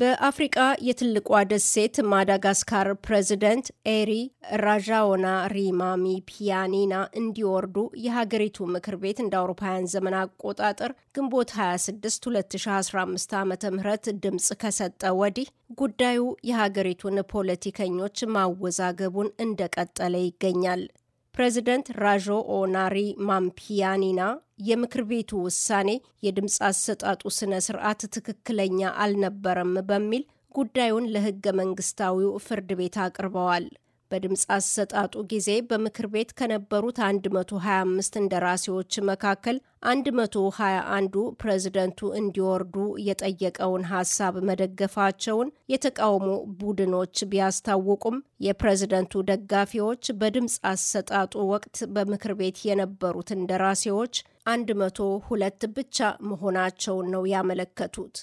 በአፍሪቃ የትልቋ ደሴት ማዳጋስካር ፕሬዚደንት ኤሪ ራዣዎና ሪማሚ ፒያኒና እንዲወርዱ የሀገሪቱ ምክር ቤት እንደ አውሮፓውያን ዘመን አቆጣጠር ግንቦት 26 2015 ዓ ም ድምፅ ከሰጠ ወዲህ ጉዳዩ የሀገሪቱን ፖለቲከኞች ማወዛገቡን እንደቀጠለ ይገኛል። ፕሬዚደንት ራዦ ኦናሪ ማምፒያኒና የምክር ቤቱ ውሳኔ የድምፅ አሰጣጡ ስነ ስርዓት ትክክለኛ አልነበረም በሚል ጉዳዩን ለህገ መንግስታዊው ፍርድ ቤት አቅርበዋል። በድምፅ አሰጣጡ ጊዜ በምክር ቤት ከነበሩት 125 እንደራሴዎች መካከል 121ዱ ፕሬዝደንቱ እንዲወርዱ የጠየቀውን ሀሳብ መደገፋቸውን የተቃውሞ ቡድኖች ቢያስታውቁም የፕሬዝደንቱ ደጋፊዎች በድምፅ አሰጣጡ ወቅት በምክር ቤት የነበሩት እንደራሴዎች 102 ብቻ መሆናቸውን ነው ያመለከቱት።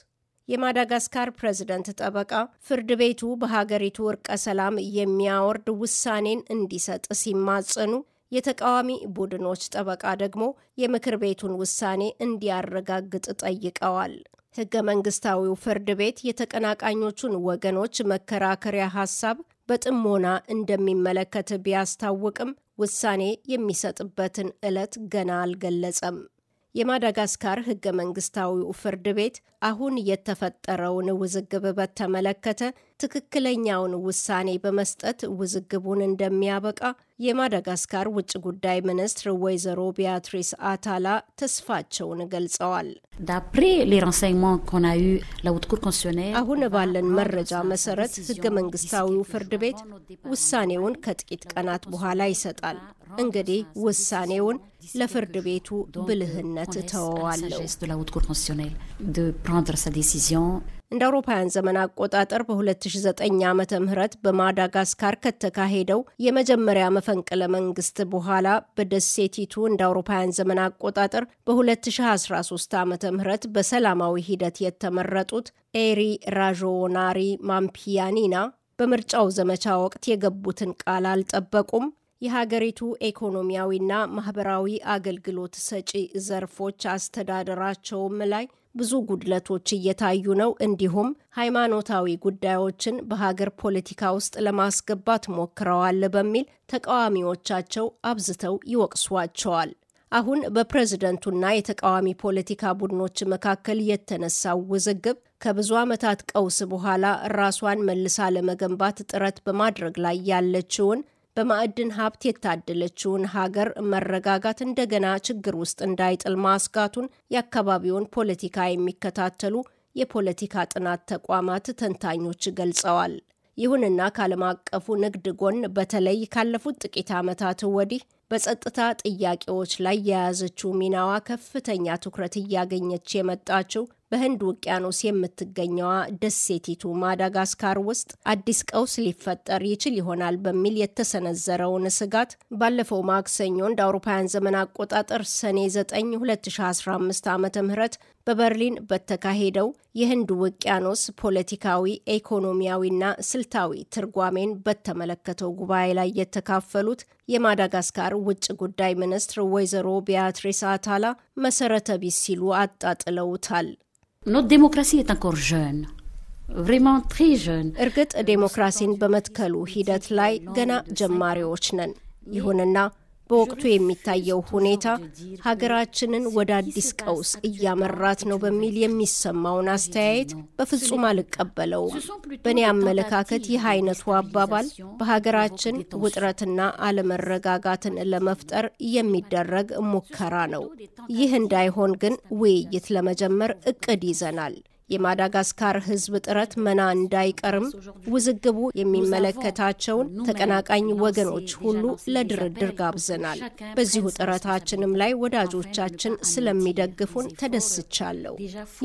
የማዳጋስካር ፕሬዝደንት ጠበቃ ፍርድ ቤቱ በሀገሪቱ እርቀ ሰላም የሚያወርድ ውሳኔን እንዲሰጥ ሲማጸኑ፣ የተቃዋሚ ቡድኖች ጠበቃ ደግሞ የምክር ቤቱን ውሳኔ እንዲያረጋግጥ ጠይቀዋል። ህገ መንግስታዊው ፍርድ ቤት የተቀናቃኞቹን ወገኖች መከራከሪያ ሀሳብ በጥሞና እንደሚመለከት ቢያስታውቅም ውሳኔ የሚሰጥበትን ዕለት ገና አልገለጸም። የማዳጋስካር ህገ መንግስታዊው ፍርድ ቤት አሁን የተፈጠረውን ውዝግብ በተመለከተ ትክክለኛውን ውሳኔ በመስጠት ውዝግቡን እንደሚያበቃ የማዳጋስካር ውጭ ጉዳይ ሚኒስትር ወይዘሮ ቢያትሪስ አታላ ተስፋቸውን ገልጸዋል። አሁን ባለን መረጃ መሰረት ህገ መንግስታዊው ፍርድ ቤት ውሳኔውን ከጥቂት ቀናት በኋላ ይሰጣል። እንግዲህ ውሳኔውን ለፍርድ ቤቱ ብልህነት እተወዋለሁ። እንደ አውሮፓውያን ዘመን አቆጣጠር በ2009 ዓ ም በማዳጋስካር ከተካሄደው የመጀመሪያ መፈ መፈንቅለ መንግስት በኋላ በደሴቲቱ እንደ አውሮፓውያን ዘመን አቆጣጠር በ2013 ዓ ም በሰላማዊ ሂደት የተመረጡት ኤሪ ራዦናሪ ማምፒያኒና በምርጫው ዘመቻ ወቅት የገቡትን ቃል አልጠበቁም። የሀገሪቱ ኢኮኖሚያዊና ማህበራዊ አገልግሎት ሰጪ ዘርፎች አስተዳደራቸውም ላይ ብዙ ጉድለቶች እየታዩ ነው። እንዲሁም ሃይማኖታዊ ጉዳዮችን በሀገር ፖለቲካ ውስጥ ለማስገባት ሞክረዋል በሚል ተቃዋሚዎቻቸው አብዝተው ይወቅሷቸዋል። አሁን በፕሬዝደንቱና የተቃዋሚ ፖለቲካ ቡድኖች መካከል የተነሳው ውዝግብ ከብዙ ዓመታት ቀውስ በኋላ ራሷን መልሳ ለመገንባት ጥረት በማድረግ ላይ ያለችውን በማዕድን ሀብት የታደለችውን ሀገር መረጋጋት እንደገና ችግር ውስጥ እንዳይጥል ማስጋቱን የአካባቢውን ፖለቲካ የሚከታተሉ የፖለቲካ ጥናት ተቋማት ተንታኞች ገልጸዋል። ይሁንና ከዓለም አቀፉ ንግድ ጎን በተለይ ካለፉት ጥቂት ዓመታት ወዲህ በጸጥታ ጥያቄዎች ላይ የያዘችው ሚናዋ ከፍተኛ ትኩረት እያገኘች የመጣችው በህንድ ውቅያኖስ የምትገኘዋ ደሴቲቱ ማዳጋስካር ውስጥ አዲስ ቀውስ ሊፈጠር ይችል ይሆናል በሚል የተሰነዘረውን ስጋት ባለፈው ማክሰኞ እንደ አውሮፓውያን ዘመን አቆጣጠር ሰኔ 9 2015 ዓ ም በበርሊን በተካሄደው የህንድ ውቅያኖስ ፖለቲካዊ፣ ኢኮኖሚያዊና ስልታዊ ትርጓሜን በተመለከተው ጉባኤ ላይ የተካፈሉት የማዳጋስካር ውጭ ጉዳይ ሚኒስትር ወይዘሮ ቢያትሪስ አታላ መሰረተ ቢስ ሲሉ አጣጥለውታል። ኖት ዴሞክራሲ est encore jeune. እርግጥ ዴሞክራሲን በመትከሉ ሂደት ላይ ገና ጀማሪዎች ነን። ይሁንና በወቅቱ የሚታየው ሁኔታ ሀገራችንን ወደ አዲስ ቀውስ እያመራት ነው በሚል የሚሰማውን አስተያየት በፍጹም አልቀበለውም። በእኔ አመለካከት ይህ አይነቱ አባባል በሀገራችን ውጥረትና አለመረጋጋትን ለመፍጠር የሚደረግ ሙከራ ነው። ይህ እንዳይሆን ግን ውይይት ለመጀመር እቅድ ይዘናል። የማዳጋስካር ሕዝብ ጥረት መና እንዳይቀርም ውዝግቡ የሚመለከታቸውን ተቀናቃኝ ወገኖች ሁሉ ለድርድር ጋብዘናል። በዚሁ ጥረታችንም ላይ ወዳጆቻችን ስለሚደግፉን ተደስቻለሁ።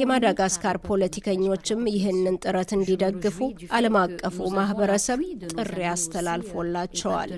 የማዳጋስካር ፖለቲከኞችም ይህንን ጥረት እንዲደግፉ ዓለም አቀፉ ማህበረሰብ ጥሪ አስተላልፎላቸዋል።